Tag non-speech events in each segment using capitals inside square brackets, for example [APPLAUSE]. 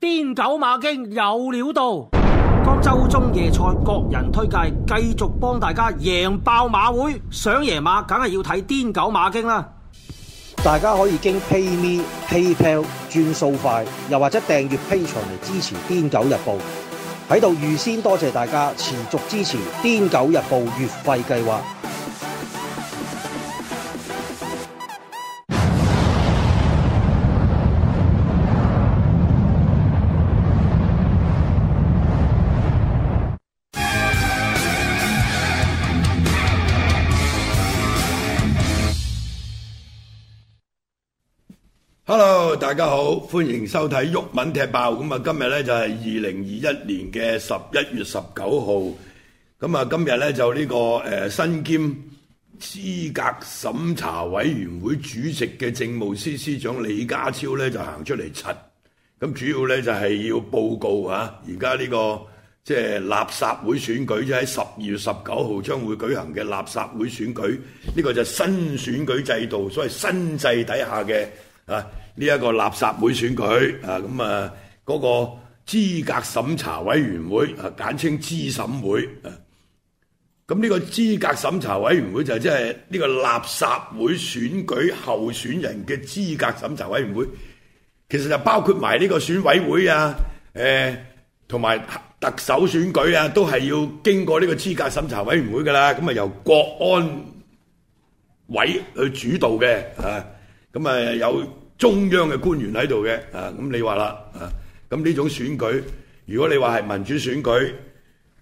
癲狗馬經有料到，廣州中夜賽各人推介，繼續幫大家贏爆馬會。上夜馬梗係要睇癲狗馬經啦。大家可以經 pay me pay p a l 轉數快，又或者訂閱 pay 牆嚟支持癲狗日報。喺度預先多謝大家持續支持癲狗日報月費計劃。hello，大家好，歡迎收睇《毓民踢爆》。咁啊，今日呢、這個，就係二零二一年嘅十一月十九號。咁啊，今日呢，就呢個誒，身兼資格審查委員會主席嘅政務司司長李家超呢，就行出嚟，柒咁主要呢，就係要報告啊。而家呢個即係、就是、垃圾會選舉，即喺十二月十九號將會舉行嘅垃圾會選舉。呢、這個就新選舉制度，所謂新制底下嘅。啊！呢一個垃圾會選舉啊，咁啊，嗰個資格審查委員會啊，簡稱資審會啊。咁、這、呢個資格審查委員會就即係呢個垃圾會選舉候選人嘅資格審查委員會，其實就包括埋呢個選委會啊，誒、呃，同埋特首選舉啊，都係要經過呢個資格審查委員會㗎喇。咁啊，由國安委去主導嘅啊。呃咁啊，有中央嘅官員喺度嘅，啊，咁你話啦，啊，咁呢種選舉，如果你話係民主選舉，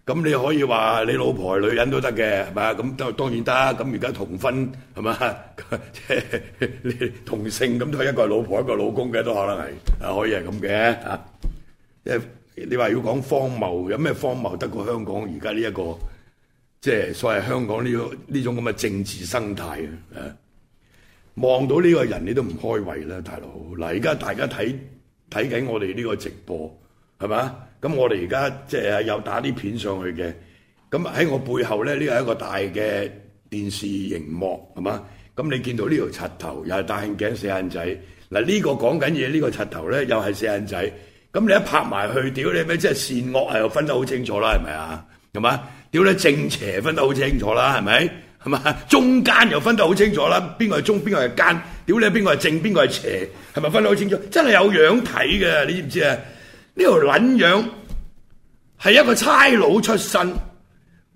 咁你可以話你老婆女人都得嘅，係咪啊？咁都當然得，咁而家同婚係咪啊？即係 [LAUGHS] 你同性咁都係一個老婆一個老公嘅，都可能係啊，可以係咁嘅嚇。即係你話要講荒謬，有咩荒謬得過香港而家呢一個，即係所謂香港呢個呢種咁嘅政治生態啊？望到呢個人，你都唔開胃啦，大佬。嗱，而家大家睇睇緊我哋呢個直播，係嘛？咁我哋而家即係有打啲片上去嘅。咁喺我背後咧，呢個係一個大嘅電視熒幕，係嘛？咁你見到呢條柒頭又係戴眼鏡四眼仔。嗱、這個，這個、呢個講緊嘢，呢個柒頭咧又係四眼仔。咁你一拍埋去，屌你咩？即係善惡係又分得好清楚啦，係咪啊？係嘛？屌你正邪分得好清楚啦，係咪？係嘛？中間又分得好清楚啦，邊個係中，邊個係奸？屌你，邊個係正，邊個係邪？係咪分得好清楚？真係有樣睇嘅，你知唔知啊？呢條撚樣係一個差佬出身，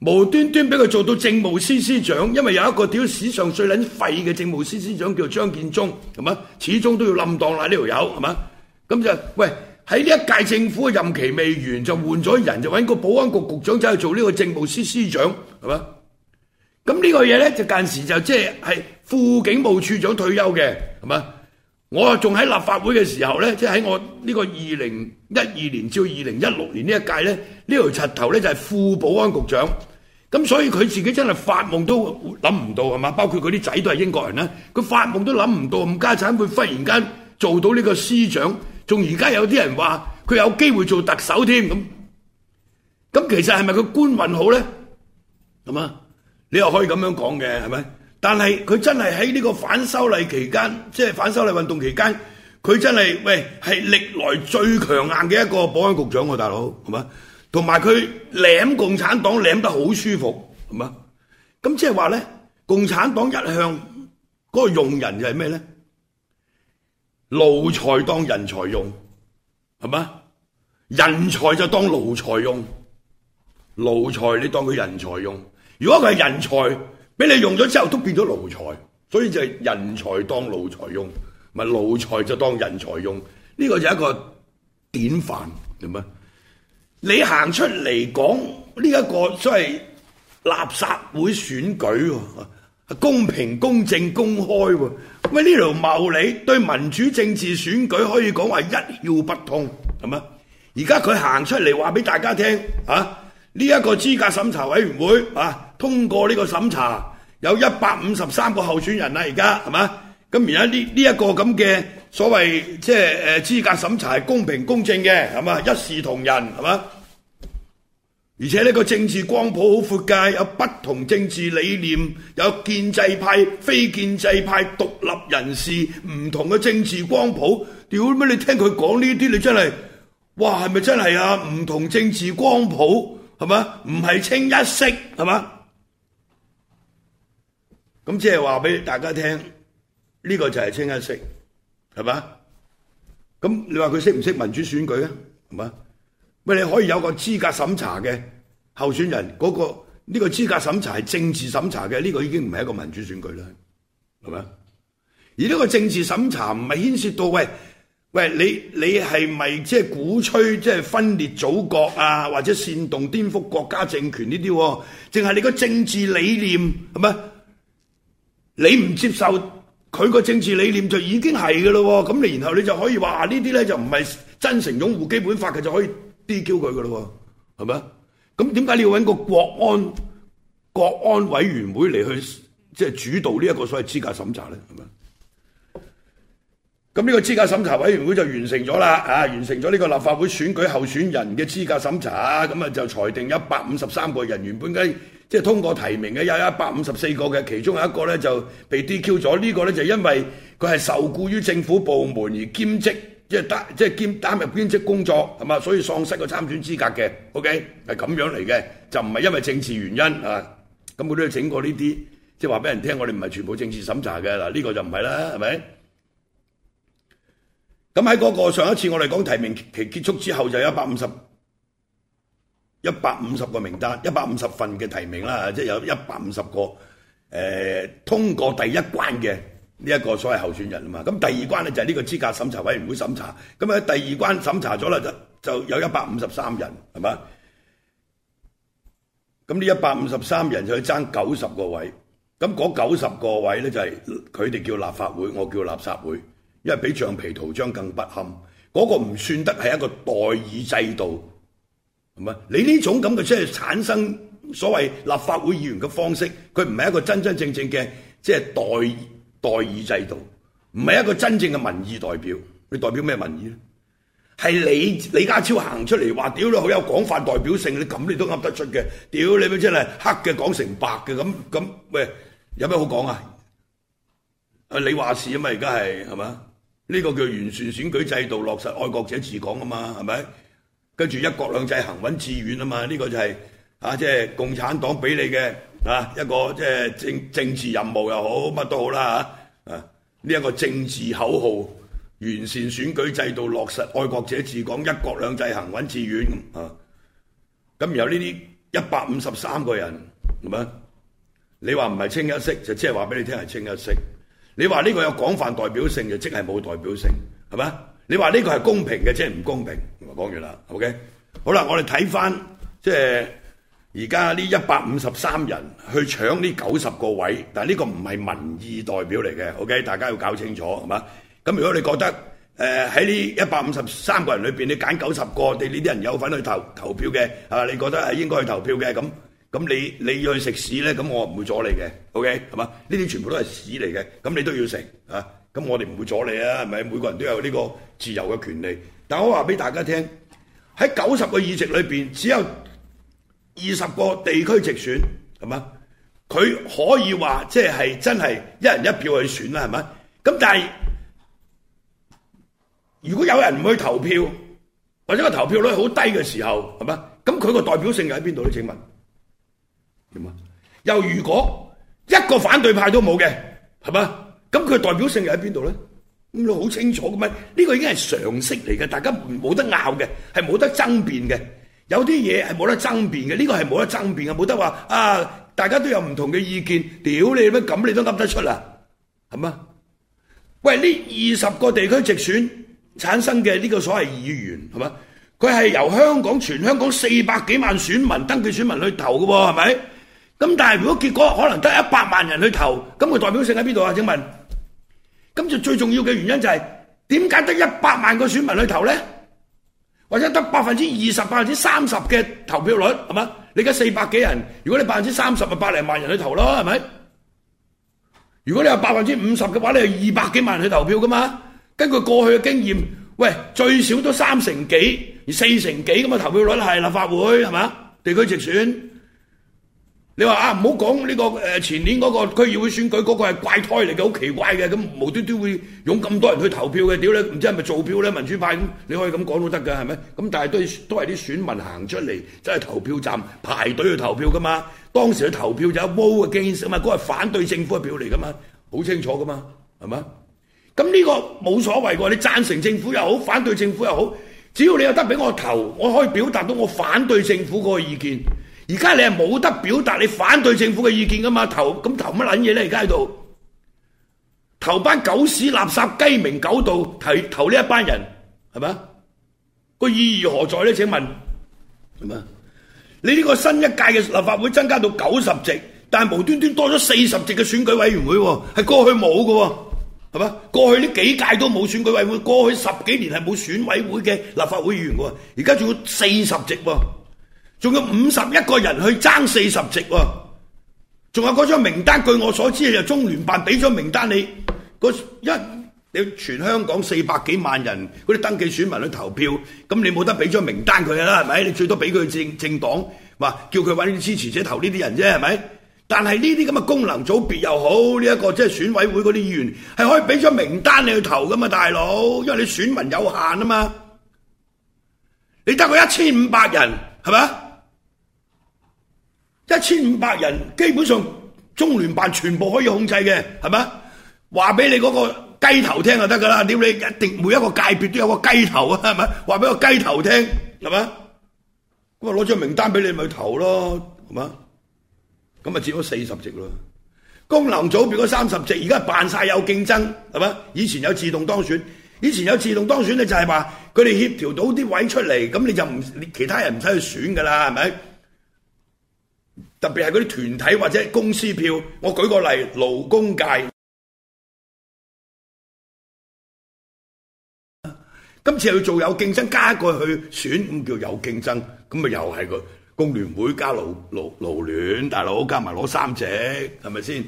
無端端俾佢做到政務司司長，因為有一個屌史上最撚廢嘅政務司司長叫張建宗，係嘛？始終都要冧當啦，呢條友係嘛？咁就喂，喺呢一屆政府嘅任期未完就換咗人，就揾個保安局局長走去做呢個政務司司長，係嘛？咁呢個嘢呢，就間時就即係係副警務處長退休嘅，係嘛？我仲喺立法會嘅時候呢，即係喺我呢個二零一二年至二零一六年呢一屆呢，呢條柒頭呢就係副保安局長。咁所以佢自己真係發夢都諗唔到係嘛？包括佢啲仔都係英國人啦，佢發夢都諗唔到李家超會忽然間做到呢個司長，仲而家有啲人話佢有機會做特首添。咁咁其實係咪佢官運好呢？係嘛？你又可以咁樣講嘅，係咪？但係佢真係喺呢個反修例期間，即係反修例運動期間，佢真係喂，係歷來最強硬嘅一個保安局長喎，大佬係嘛？同埋佢舐共產黨舐得好舒服，係嘛？咁即係話呢，共產黨一向嗰個用人係咩呢？奴才當人才用係嘛？人才就當奴才用，奴才你當佢人才用。如果佢係人才，俾你用咗之後都變咗奴才，所以就係人才當奴才用，唔係奴才就當人才用。呢、這個就係一個典範，係咪？你行出嚟講呢一個即係垃圾會選舉，公平、公正、公開，咁呢條茂利對民主政治選舉可以講話一竅不通，係咪？而家佢行出嚟話俾大家聽啊，呢、這、一個資格審查委員會啊。通過呢個審查，有一百五十三個候選人啦，而家係嘛？咁而家呢呢一個咁嘅所謂即係誒資格審查係公平公正嘅，係嘛？一視同仁係嘛？而且呢個政治光譜好闊嘅，有不同政治理念，有建制派、非建制派、獨立人士，唔同嘅政治光譜。屌咩？你聽佢講呢啲，你真係哇，係咪真係啊？唔同政治光譜係嘛？唔係清一色係嘛？咁即係話俾大家聽，呢個就係清一色，係嘛？咁你話佢識唔識民主選舉啊？係嘛？喂，你可以有個資格審查嘅候選人，嗰個呢個資格審查係政治審查嘅，呢個已經唔係一個民主選舉啦，係咪啊？而呢個政治審查唔係牽涉到喂喂你你係咪即係鼓吹即係分裂祖國啊，或者煽動顛覆國家政權呢啲喎？淨係你個政治理念係咪？你唔接受佢個政治理念就已經係嘅咯喎，咁你然後你就可以話呢啲呢，就唔係真誠擁護基本法嘅，就可以 DQ 佢嘅咯喎，係咪啊？咁點解你要揾個國安國安委員會嚟去即係、就是、主導呢一個所謂資格審查呢？係咪？咁呢個資格審查委員會就完成咗啦，啊，完成咗呢個立法會選舉候選人嘅資格審查，咁啊就裁定一百五十三個人原本嘅。即係通過提名嘅有有一百五十四個嘅，其中有一個咧就被 DQ 咗。呢個咧就因為佢係受雇於政府部門而兼職，即係擔即係兼擔入兼職工作係嘛，所以喪失個參選資格嘅。OK 係咁樣嚟嘅，就唔係因為政治原因啊。咁佢都要整過呢啲，即係話俾人聽，我哋唔係全部政治審查嘅。嗱呢個就唔係啦，係咪？咁喺嗰個上一次我哋講提名期結束之後就有一百五十。一百五十個名單，一百五十份嘅提名啦，即係有一百五十個誒、呃、通過第一關嘅呢一個所謂候選人啊嘛。咁第二關呢，就係呢個資格審查委員會審查。咁喺第二關審查咗啦，就就有一百五十三人係嘛。咁呢一百五十三人就去爭九十個位。咁嗰九十個位呢，就係佢哋叫立法會，我叫垃圾會，因為比橡皮圖章更不堪。嗰、那個唔算得係一個代議制度。你呢種咁嘅，即係產生所謂立法會議員嘅方式，佢唔係一個真真正正嘅，即係代代議制度，唔係一個真正嘅民意代表。你代表咩民意咧？係李李家超行出嚟話屌你，好有廣泛代表性，你咁你都噏得出嘅？屌你咪真係黑嘅講成白嘅，咁咁喂，有咩好講啊？啊，你話事啊嘛，而家係係嘛？呢個叫完善選舉制度，落實愛國者治港啊嘛，係咪？跟住一國兩制行穩致遠啊嘛，呢、這個就係、是、啊，即、就、係、是、共產黨俾你嘅啊一個即係政政治任務又好乜都好啦，嚇，啊呢一、啊這個政治口號，完善選舉制度，落實愛國者治港，一國兩制行穩致遠啊，咁有呢啲一百五十三個人係咪？你話唔係清一色，就即係話俾你聽係清一色。你話呢個有廣泛代表性，就即係冇代表性，係咪？你話呢個係公平嘅，即係唔公平。講完啦，OK，好啦，我哋睇翻即係而家呢一百五十三人去搶呢九十個位，但係呢個唔係民意代表嚟嘅，OK，大家要搞清楚係嘛？咁如果你覺得誒喺呢一百五十三個人裏邊，你揀九十個，你呢啲人有份去投投票嘅，吓、啊、你覺得係應該去投票嘅，咁咁你你要去食屎呢，咁我唔會阻你嘅，OK，係嘛？呢啲全部都係屎嚟嘅，咁你都要食啊？咁我哋唔會阻你啊，係咪？每個人都有呢個自由嘅權利。但我話俾大家聽，喺九十個議席裏邊，只有二十個地區直選係嘛？佢可以話即係真係一人一票去選啦，係咪？咁但係如果有人唔去投票，或者個投票率好低嘅時候，係嘛？咁佢個代表性又喺邊度咧？請問點啊？又如果一個反對派都冇嘅，係嘛？咁佢代表性又喺邊度咧？咁你好清楚噶咩？呢個已經係常識嚟嘅，大家冇得拗嘅，係冇得爭辯嘅。有啲嘢係冇得爭辯嘅，呢個係冇得爭辯嘅，冇得話啊！大家都有唔同嘅意見，屌你咩咁，你都噏得出啦，係嘛？喂，呢二十個地區直選產生嘅呢個所謂議員，係嘛？佢係由香港全香港四百幾萬選民登記選民去投嘅喎，係咪？咁但係如果結果可能得一百萬人去投，咁佢代表性喺邊度啊？請問？咁就最重要嘅原因就係點解得一百萬個選民去投咧？或者得百分之二十、百分之三十嘅投票率係嘛？你而家四百幾人，如果你百分之三十，咪百零萬人去投咯，係咪？如果你有百分之五十嘅話，你有二百幾萬人去投票噶嘛？根據過去嘅經驗，喂，最少都三成幾，而四成幾咁嘅投票率係立法會係嘛？地區直選。你話啊，唔好講呢個誒前年嗰個區議會選舉嗰個係怪胎嚟嘅，好奇怪嘅咁無端端會用咁多人去投票嘅，屌你，唔知係咪造票咧民主派咁，你可以咁講都得嘅，係咪？咁但係都係都係啲選民行出嚟，即係投票站排隊去投票噶嘛？當時去投票就一窩嘅驚聲啊嘛，嗰係反對政府嘅票嚟噶嘛，好清楚噶嘛，係咪？咁呢個冇所謂喎，你贊成政府又好，反對政府又好，只要你有得俾我投，我可以表達到我反對政府嗰個意見。而家你係冇得表達你反對政府嘅意見噶嘛？投咁投乜撚嘢咧？而家喺度投班狗屎垃圾雞鳴狗盜，提投呢一班人係咪？個意義何在咧？請問係嘛？你呢個新一屆嘅立法會增加到九十席，但係無端端多咗四十席嘅選舉委員會喎，係過去冇嘅喎，係嘛？過去呢幾屆都冇選舉委會，過去十幾年係冇選委會嘅立法會議員嘅喎，而家仲要四十席喎，啊。仲有五十一個人去爭四十席喎，仲有嗰張名單，據我所知就中聯辦俾咗名單你，一你全香港四百幾萬人嗰啲登記選民去投票，咁你冇得俾張名單佢啦，係咪？你最多俾佢政政黨話叫佢搵啲支持者投呢啲人啫，係咪？但係呢啲咁嘅功能組別又好，呢一個即係選委會嗰啲議員係可以俾咗名單你去投噶嘛，大佬，因為你選民有限啊嘛，你得個一千五百人，係咪？一千五百人基本上中聯辦全部可以控制嘅，係咪？話俾你嗰個雞頭聽就得噶啦。屌你一定每一個界別都有個雞頭啊，係咪？話俾個雞頭聽係咪？咁啊攞張名單俾你咪投咯，係嘛？咁咪佔咗四十席咯。功能組別嗰三十席，而家扮晒有競爭係咪？以前有自動當選，以前有自動當選咧就係話佢哋協調到啲位出嚟，咁你就唔其他人唔使去選噶啦，係咪？特別係嗰啲團體或者公司票，我舉個例，勞工界今次去做有競爭，加過去選咁叫有競爭，咁咪又係個工聯會加勞勞勞聯大佬加埋攞三席，係咪先？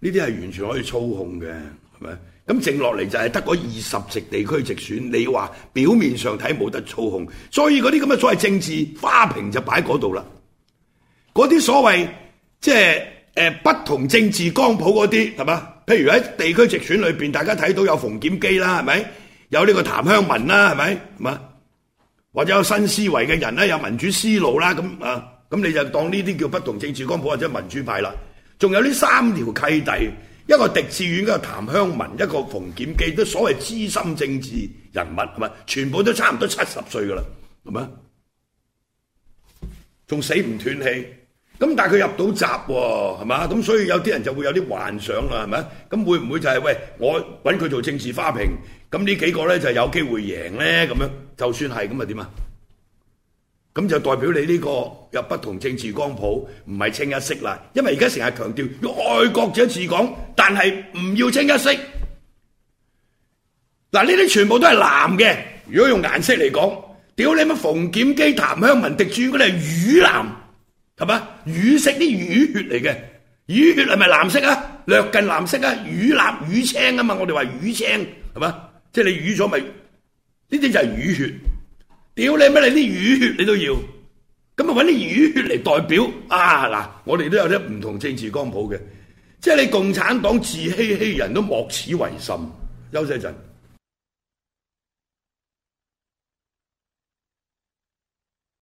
呢啲係完全可以操控嘅，係咪？咁剩落嚟就係得嗰二十席地區直選，你話表面上睇冇得操控，所以嗰啲咁嘅所謂政治花瓶就擺喺嗰度啦。嗰啲所謂即係、呃、不同政治光譜嗰啲係嘛？譬如喺地區直選裏邊，大家睇到有馮檢基啦，係咪有呢個譚香文啦，係咪係嘛？或者有新思維嘅人啦，有民主思路啦，咁、啊、咁你就當呢啲叫不同政治光譜或者民主派啦。仲有呢三條契弟，一個狄志遠，一個譚香文，一個馮檢基，都所謂資深政治人物係嘛？全部都差唔多七十歲噶啦，係嘛？仲死唔斷氣？咁但係佢入到閘喎，係嘛？咁所以有啲人就會有啲幻想啦，係咪？咁會唔會就係喂我揾佢做政治花瓶？咁呢幾個咧就係有機會贏咧咁樣，就算係咁啊點啊？咁就代表你呢個入不同政治光譜，唔係清一色啦。因為而家成日強調要愛國者治港，但係唔要清一色。嗱，呢啲全部都係藍嘅。如果用顏色嚟講，屌你乜馮檢基、譚香文、狄柱嗰啲係雨藍。係嘛？瘀食啲瘀血嚟嘅，瘀血係咪藍色啊？略近藍色啊？瘀藍瘀青啊嘛？我哋話瘀青係嘛？即係你瘀咗咪？呢啲就係瘀血。屌你乜你啲瘀血你都要？咁啊搵啲瘀血嚟代表啊嗱！我哋都有啲唔同政治光譜嘅，即係你共產黨自欺欺人都莫此為甚？休息一陣。